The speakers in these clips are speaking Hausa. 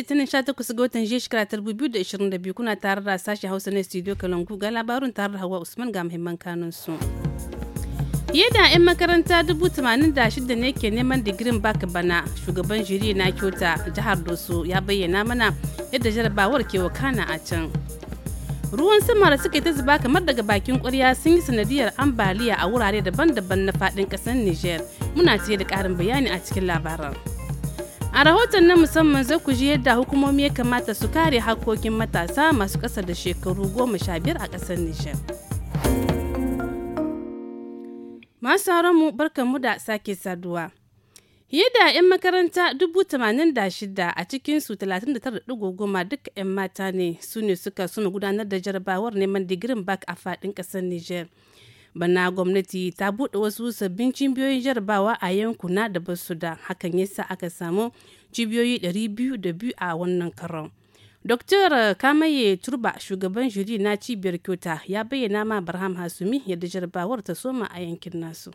litinin 18 ga watan jiya shekara 2022 kuna tare da sashi hausa na studio kalangu ga labarin tare da hawa usman ga muhimman kanun su fiye da 'yan makaranta 86,000 ne ke neman digirin baka bana shugaban jiri na Kyauta, jihar doso ya bayyana mana yadda jarabawar ke wakana a can ruwan sama da suke ta zuba kamar daga bakin ƙwarya sun yi sanadiyar ambaliya a wurare daban-daban na faɗin ƙasar niger muna ce da ƙarin bayani a cikin labaran A rahoton na musamman zai ku ji yadda hukumomi ya kamata su kare hakokin matasa masu ƙasa da shekaru goma sha biyar a ƙasar Nijar. Masu mu mu da sake saduwa. Fiye da 'yan makaranta 86,000 a cikin cikinsu 39.10 duka 'yan mata ne su ne suka suna gudanar da jarabawar neman digirin bak a faɗin ƙasar Nijar. bana gwamnati ta buɗe wasu sabbin cibiyoyin jarabawa a yankuna da basu da hakan yasa aka samu cibiyoyi 202 a wannan karon Dr. Kamaye Turba shugaban jiri na cibiyar Kyota ya bayyana ma Barham Hasumi yadda jarabawar ta soma a yankin nasu.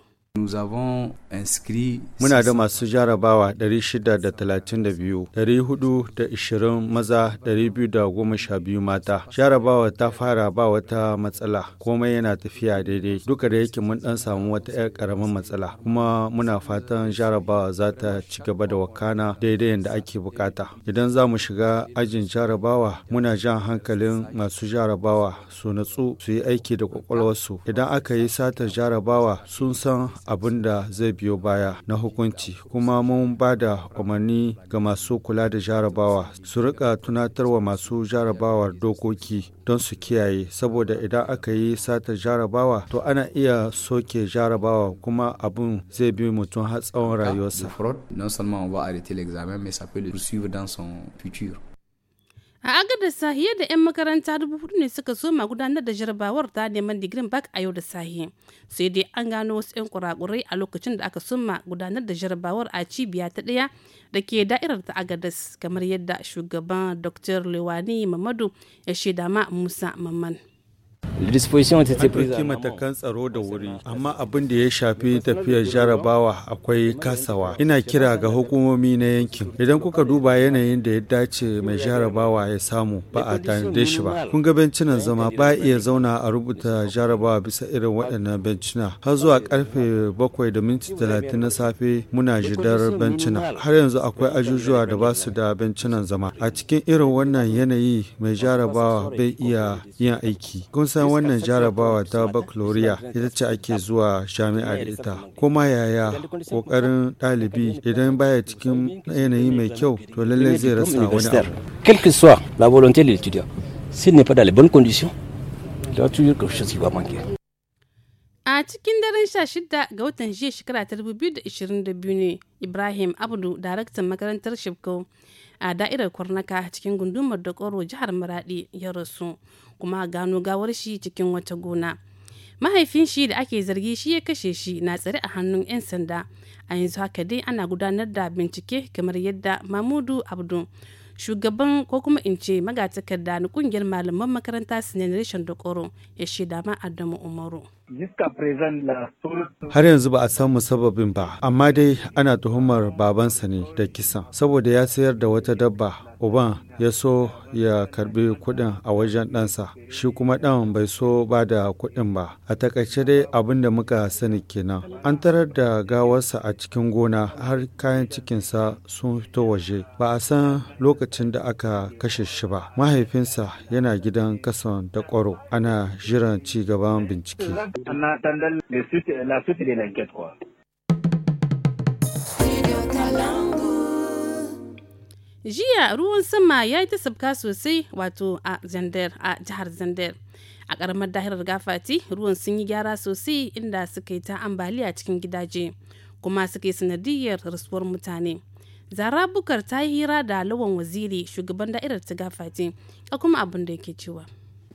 Muna da masu jarabawa 632, 420 maza, 212 mata. Jarabawa ta fara ba wata matsala, komai yana tafiya daidai. Duka da yake mun dan samu wata 'yar karamin matsala, kuma muna fatan jarabawa za ta ci gaba da wakana daidai yadda ake bukata. Idan za mu shiga ajin jarabawa, muna jan hankalin masu jarabawa su natsu su yi aiki da kwakwalwarsu. Idan aka yi satar jarabawa sun san abin da zai biyo baya na hukunci kuma mun ba da umarni ga masu kula da jarabawa su rika tunatarwa masu jarabawar dokoki don su kiyaye saboda idan aka yi satar jarabawa to ana iya soke jarabawa kuma abin zai bi mutum har tsawon rayuwarsa. son A agada sahiye sahiya da 'yan makaranta dubu hudu ne suka soma gudanar da jarabawar ta neman digirin bak a yau da sahi. Sai dai an gano wasu 'yan kurakurai a lokacin da aka soma gudanar da jarabawar a cibiya ta ɗaya da ke da'irar ta Agadas kamar yadda shugaban Dr. Lewani Mamadu ya shaida ma Musa Mamman. ta kan tsaro da wuri, amma abin da ya shafi tafiyar jarabawa akwai kasawa. Ina kira ga hukumomi na yankin. Idan kuka duba yanayin da ya dace mai jarabawa ya samu ba a tanade shi ba. Kun ga bencinan zama ba iya zauna a rubuta jarabawa bisa irin waɗannan bencina. Har zuwa karfe bakwai da minti talatin na safe muna jidar bencina. Har yanzu akwai ajujuwa da ba su da bencinan zama. A cikin irin wannan yanayi mai jarabawa bai iya yin aiki. Kun san wannan jarabawa ta bakloriya ita ce ake zuwa jami'ar da ita. Kuma yaya kokarin dalibi idan baya cikin yanayi mai kyau to lallai zai rasa wani abu. Quelle que soit la volonté de l'étudiant, s'il n'est pas dans les bonnes conditions, il y a toujours quelque chose qui va manquer. A cikin daren 16 ga watan jiya shekara ta 2022 ne Ibrahim Abdu, daraktan makarantar Shibko, a da'irar kwarnaka cikin gundumar da jihar maradi ya rasu kuma gano gawar shi cikin wata gona mahaifin shi da ake zargi shi ya kashe shi na tsare a hannun 'yan sanda a yanzu haka dai ana gudanar da bincike kamar yadda mamudu abdu shugaban ko kuma in ce magatakarda na kungiyar malaman makaranta sinadarishin da koro ya shaida ma adamu umaru Har yanzu ba a samu sababin ba, amma dai ana tuhumar babansa ne da kisan, saboda ya sayar da wata dabba, uban ya so ya karbi kuɗin a wajen ɗansa, shi kuma ɗan bai so ba da kuɗin ba. A takaice dai abin da muka sani kenan. An tarar da gawarsa a cikin gona har kayan cikinsa sun fito waje, ba a san lokacin da aka kashe shi ba. Mahaifinsa yana gidan kasan da kwaro ana jiran ci gaban bincike. en la suite de l'enquête. Quoi. Jiya ruwan sama ya yi ta sabka sosai wato a Zandar a jihar Zandar. A ƙaramar dahirar gafati ruwan sun yi gyara sosai inda suka yi ta ambaliya cikin gidaje kuma suka yi sanadiyar rasuwar mutane. Zara Bukar ta yi hira da lawan waziri shugaban da'irar ta gafati ka kuma abin da yake cewa.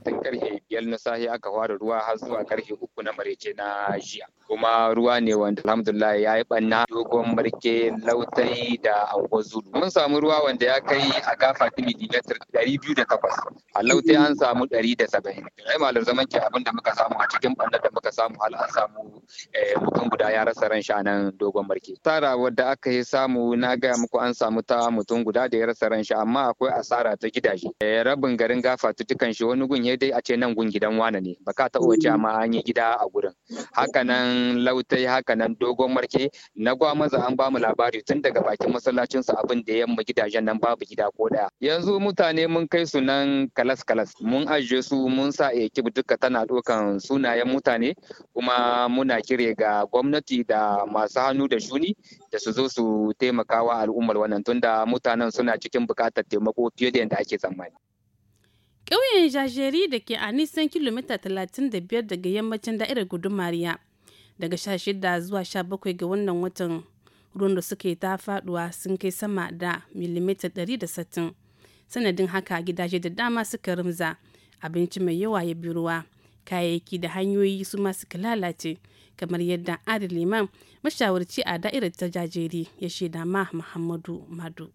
tun karfe biyar na safe aka fara ruwa har zuwa karfe uku na marece na jiya kuma ruwa ne wanda alhamdulillah ya yi banna dogon marke lautai da angon zulu mun samu ruwa wanda ya kai a gafa milimetar ɗari biyu da takwas a lautai an samu ɗari da saba'in ai malar zaman ke abin da muka samu a cikin banna da muka samu hal an samu eh, mutum guda ya rasa ran shi a nan dogon marke tara wadda aka yi samu na gaya muku an samu ta mutum guda da ya rasa ran shi amma akwai asara ta gidaje eh, rabin garin gafa tutukan shi wani gun ne dai a ce nan gun gidan wane ne baka taɓa wace ma an yi gida a gurin hakanan lautai hakanan dogon marke na gwamaza an bamu labari tun daga bakin masallacin su abin da yamma gidajen nan babu gida ko daya yanzu mutane mun kai su nan kalas kalas mun ajiye su mun sa ekip duka tana ɗaukan sunayen mutane kuma muna kire ga gwamnati da masu hannu da shuni da su zo su taimakawa al'ummar wannan tunda mutanen suna cikin bukatar taimako fiye da yadda ake tsammani. Ƙauyen Jajeri da ke a nisan kilomita talatin da biyar daga yammacin da'irar gudun Mariya daga 16 zuwa sha bakwai ga wannan watan ruwan da suke ta faduwa sun kai sama da milimita ɗari da 160 sanadin haka gidaje da dama suka rumza abinci mai yawa ya bi ruwa kayayyaki da hanyoyi su ma suka lalace kamar yadda adil liman mashawarci a da'irar ta jajeri ya shaida ma muhammadu madu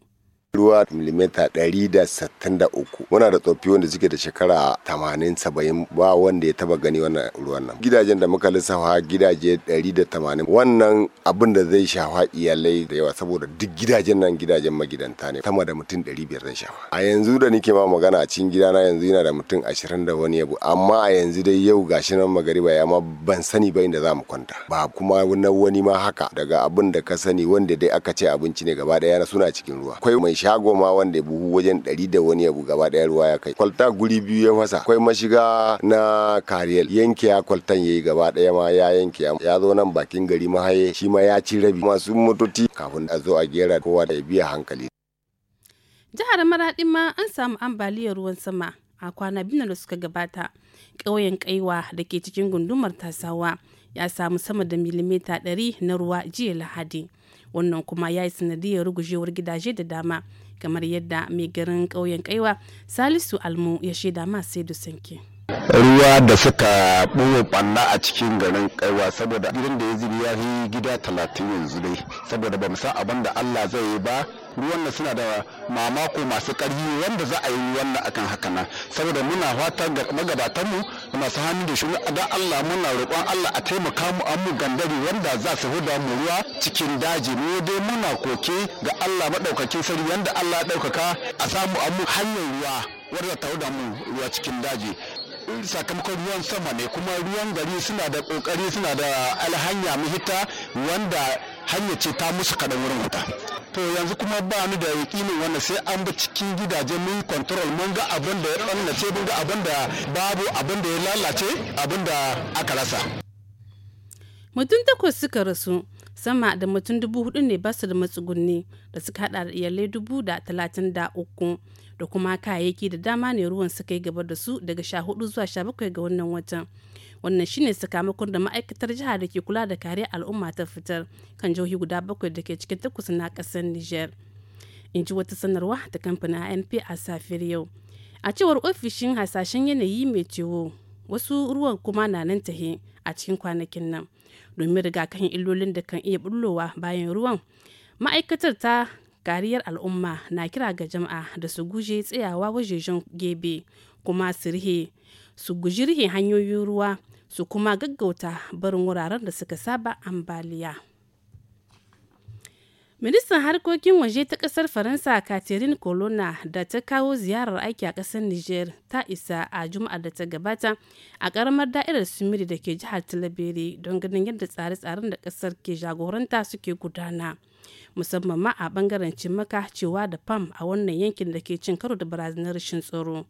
ruwa milimita 163 muna da tsoffi wanda suke da shekara 80-70 ba wanda ya taba gani wannan ruwan nan gidajen da muka lissafa gidaje 180 wannan abin da zai shafa iyalai da yawa saboda duk gidajen nan gidajen magidanta ne sama da mutum 500 zai shafa a yanzu da nike ma magana a cikin gidana yanzu yana da mutum 20 da wani yabo amma a yanzu dai yau gashi nan magariba ya ma ban sani ba inda za mu kwanta ba kuma na wani ma haka daga abin da ka sani wanda dai aka ce abinci ne gaba daya na suna cikin ruwa akwai mai shago ma wanda buhu wajen ɗari da wani abu gaba ɗaya ruwa ya kai kwalta guri biyu ya fasa akwai mashiga na kariyar. yanke ya kwaltan yayi gaba ɗaya ma ya yanke ya zo nan bakin gari mahaye shi ma ya ci rabi masu motoci kafin a zo a gera kowa da ya biya hankali jihar maraɗi ma an samu ambaliyar ruwan sama a kwana biyu da suka gabata ƙauyen kaiwa da ke cikin gundumar tasawa ya samu sama da milimita ɗari na ruwa jiya lahadi wannan kuma ya yi sanadiyar rugujewar gidaje da dama kamar yadda mai garin ƙauyen kaiwa salisu almu ya shaida dama sai sanke. ruwa da suka ɓoye ɓanna a cikin garin kaiwa saboda gidan da ya zini ya yi gida talatin yanzu dai saboda ba san abin da allah zai yi ba ruwan da suna da mamako masu ƙarfi wanda za a yi ruwan akan haka nan saboda muna fatan ga magabatanmu masu hannu da shi da Allah muna roƙon Allah a taimaka mu an mu gandari wanda za su huda mu ruwa cikin daji mu dai muna koke ga Allah madaukakin sarki yanda Allah ya daukaka a samu an mu hanyar ruwa wanda ta huda mu ruwa cikin daji sakamakon ruwan sama ne kuma ruwan gari suna da kokari suna da alhanya mu hita wanda hanya ce ta musu kadan wurin huta to yanzu kuma ba ni da yakinin wannan sai an bi cikin gidajen mun control mun ga abin da ya ɓallace mun ga abin da babu abin da ya lalace abin da aka rasa mutum takwas suka rasu sama da mutum dubu hudu ne basu da matsugunni da suka hada da iyalai dubu da talatin da uku da kuma kayayyaki da dama ne ruwan suka yi gaba da su daga sha hudu zuwa sha bakwai ga wannan watan wannan shine sakamakon da ma'aikatar jiha da ke kula da kare al'umma ta fitar kan jihohi guda bakwai da ke cikin takwas na kasar niger in ji wata sanarwa ta kamfanin anp a safiyar yau a cewar ofishin hasashen yanayi mai cewo wasu ruwan kuma na nan tahe a cikin kwanakin nan domin rigakafin illolin da kan iya bullowa bayan ruwan ma'aikatar ta kariyar al'umma na kira ga jama'a da su guje tsayawa wajejen gebe kuma su rihe su guji rihe hanyoyin ruwa su kuma gaggauta barin wuraren da suka saba ambaliya. ministan harkokin waje ta kasar faransa catherine colonna da ta kawo ziyarar aiki a kasar niger ta isa a juma'ar da ta gabata a karamar da'irar sumiri da ke jihar talabere don ganin yadda tsare-tsaren da kasar ke jagoranta suke gudana. musamman ma a bangaren cimaka cewa da fam a wannan yankin da ke cin karo da barazanar rashin tsoro.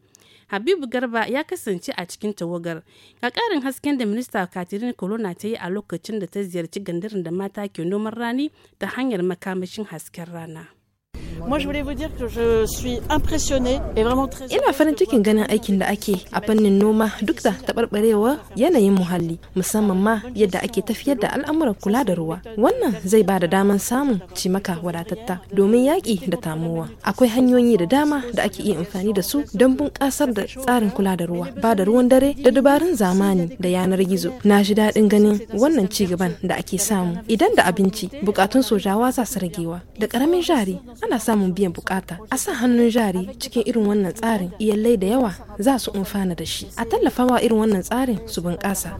habibu garba ya kasance a cikin tawagar ga karin hasken da minista katirin corona ta yi a lokacin da ta ziyarci gandarin da mata ke noman rani ta hanyar makamashin hasken rana Moi, Ina farin cikin ganin aikin da ake a fannin noma duk da taɓarɓarewar yanayin muhalli musamman ma yadda ake tafiyar da al'amuran kula da ruwa. Wannan zai ba da daman samun cimaka wadatatta domin yaƙi da tamuwa Akwai hanyoyi da dama da ake iya amfani da su don bunƙasar da tsarin kula da ruwa, ba da ruwan dare da dabarun zamani da yanar gizo. Na ji daɗin ganin wannan ci gaban da ake samu. Idan da abinci, bukatun sojawa za su ragewa. Da ƙaramin jari, ana samun biyan bukata a sa hannun jari cikin irin wannan tsarin iyalai da yawa za su amfana da shi a tallafawa irin wannan tsarin su bunƙasa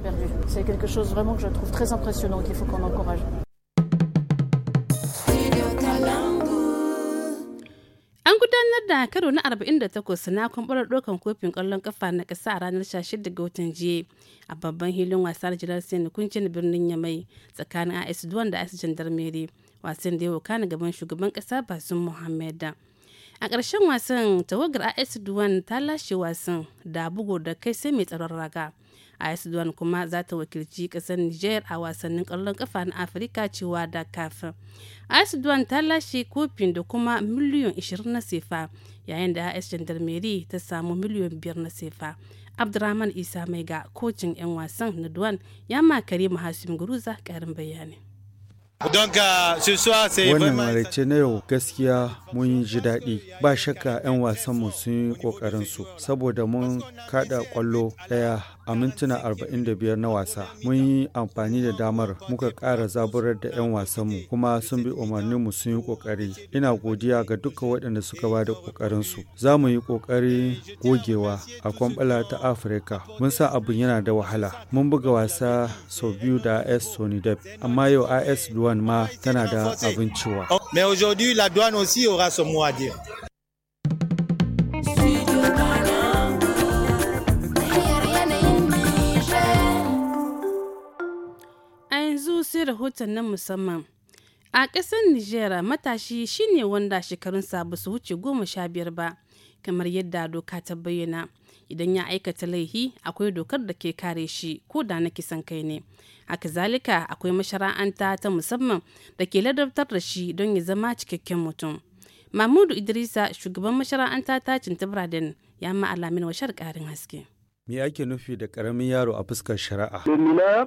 An gudanar da karo na 48 na kwamfarar ɗaukan kofin kwallon kafa na kasa a ranar 16 ga watan jiya a babban hilin wasa da jirar na kuncin birnin Yamai tsakanin AS Duwan da AS Gendarmerie. wasan da ya wakana gaban shugaban kasa basun muhammad a ƙarshen wasan tawagar as duwan ta lashe wasan da bugu da kai sai mai tsaron raga as duwan kuma za ta wakilci ƙasar niger a wasannin ƙwallon ƙafa na afirka cewa da kafin as duwan ta lashe kofin da kuma miliyan 20 na sefa yayin da as gendarmerie ta samu miliyan 5 na sefa abdurrahman isa mai ga kocin 'yan wasan na duwan ya makare muhasim guruza ƙarin bayani Donc, Wannan maraice na yau gaskiya mun yi ji daɗi ba shakka 'yan wasanmu sun yi ƙoƙarinsu saboda mun kaɗa ƙwallo ɗaya a mintuna 45 na wasa. Mun yi amfani da damar muka ƙara zaburar da 'yan wasanmu kuma sun bi mu sun yi ƙoƙari. Ina godiya ga duka waɗanda suka ba da ƙoƙarinsu. Za mu yi ƙoƙari gogewa a kwamɓala ta Afirka. Mun sa abin yana da wahala. Mun buga wasa sau biyu da AS Sonidep, amma yau AS Duwan ma tana da abin cewa. wasu rahoton na musamman. A ƙasar Nijera matashi shine wanda shekarunsa ba su wuce goma sha biyar ba, kamar yadda doka ta bayyana. Idan ya aikata laihi akwai dokar da ke kare shi ko da na kisan kai ne. Haka zalika akwai mashara'anta ta musamman da ke ladabtar da shi don ya zama cikakken mutum. Mahmudu Idrisa shugaban mashara'anta ta Cinta Braden ya ma'alamin washar ƙarin haske. Me ake nufi da ƙaramin yaro a fuskar shari'a?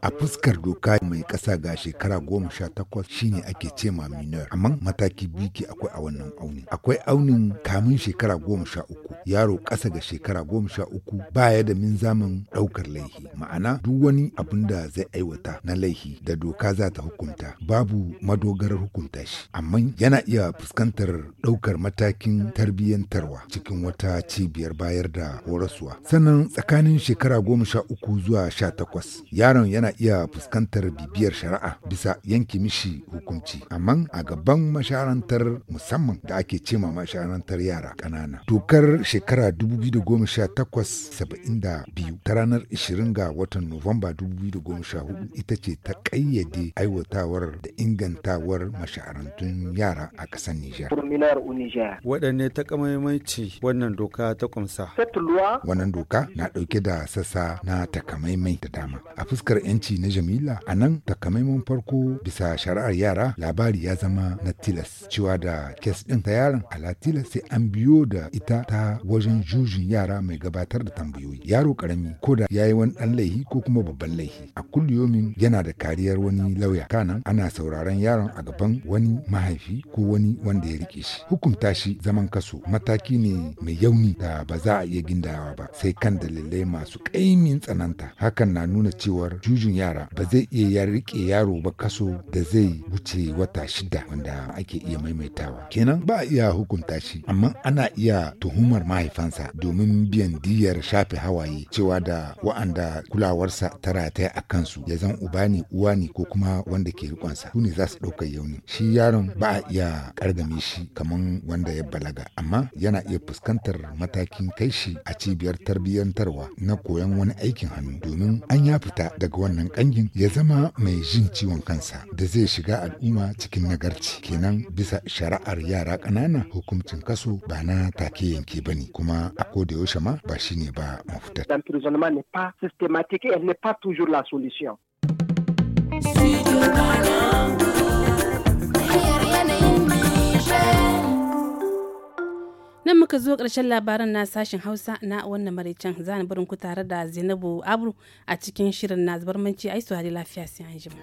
A fuskar doka mai ƙasa ga shekara goma sha takwas shine ake ce ma minor. Amma mataki biyu ke akwai a wannan aunin. Akwai aunin kamin shekara goma sha uku. Yaro ƙasa ga shekara goma sha uku baya da min zaman ɗaukar laifi, Ma'ana duk wani abun da zai aiwata na laifi da doka za ta hukunta. Babu madogarar hukunta shi. Amma yana iya fuskantar ɗaukar matakin tarbiyyantarwa cikin wata cibiyar bayar da horaswa. Sannan tsakanin tsakanin shekara goma sha uku zuwa sha takwas yaron yana iya fuskantar bibiyar shari'a bisa yanke mishi hukunci amma a gaban masharantar musamman da ake cema masharantar yara ƙanana dokar shekara 2018-72 ta ranar 20 ga watan nuwamba 2014 ita ce ta ƙayyade aiwatawar da ingantawar masharantun yara a ƙasar Nijar. Waɗanne takamaimanci wannan doka ta kumsa? Wannan doka na ɗauke da sassa na takamaimai da dama. A fuskar 'yanci na Jamila, a nan takamaiman farko bisa shari'ar yara labari ya zama na tilas. Cewa da kes ɗin ta yaron ala tilas sai an biyo da ita ta wajen jujin yara mai gabatar da tambayoyi. Yaro karami ko da ya wani dan laihi ko kuma babban laihi. A kulliyomin yana da kariyar wani lauya. Kanan ana sauraron yaron a gaban wani mahaifi ko wani wanda ya rike shi. Hukunta shi zaman kaso mataki ne mai yauni da ba za a iya gindawa ba sai kan dalilai masu ƙaimin tsananta hakan na nuna cewar jujun yara ba zai iya ya yaro ba kaso da zai wuce wata shida wanda ake iya maimaitawa kenan ba a iya hukunta shi amma ana iya tuhumar mahaifansa domin biyan diyar shafe hawaye cewa da wa'anda kulawarsa ta rataya a kansu ya zan uba ne uwa ne ko kuma wanda ke rikonsa su ne za su ɗauka yauni shi yaron ba a iya ƙargame shi kaman wanda ya balaga amma yana iya fuskantar matakin kai shi a cibiyar tarbiyyantarwa na koyon wani aikin hannu domin an ya fita daga wannan kangin ya zama mai jin ciwon kansa da zai shiga al'umma cikin nagarci kenan bisa shari'ar yara ƙanana hukuncin kaso ba na take yanke ba ne kuma a da yaushe ma ba shine ba mafita. L'emprisonnement n'est pas systématique et nan muka zo ƙarshen labaran na sashen hausa na wannan maraicen za na barin ku tare da zainabu abu a cikin shirin na zubar manci ai su lafiya sai an jima.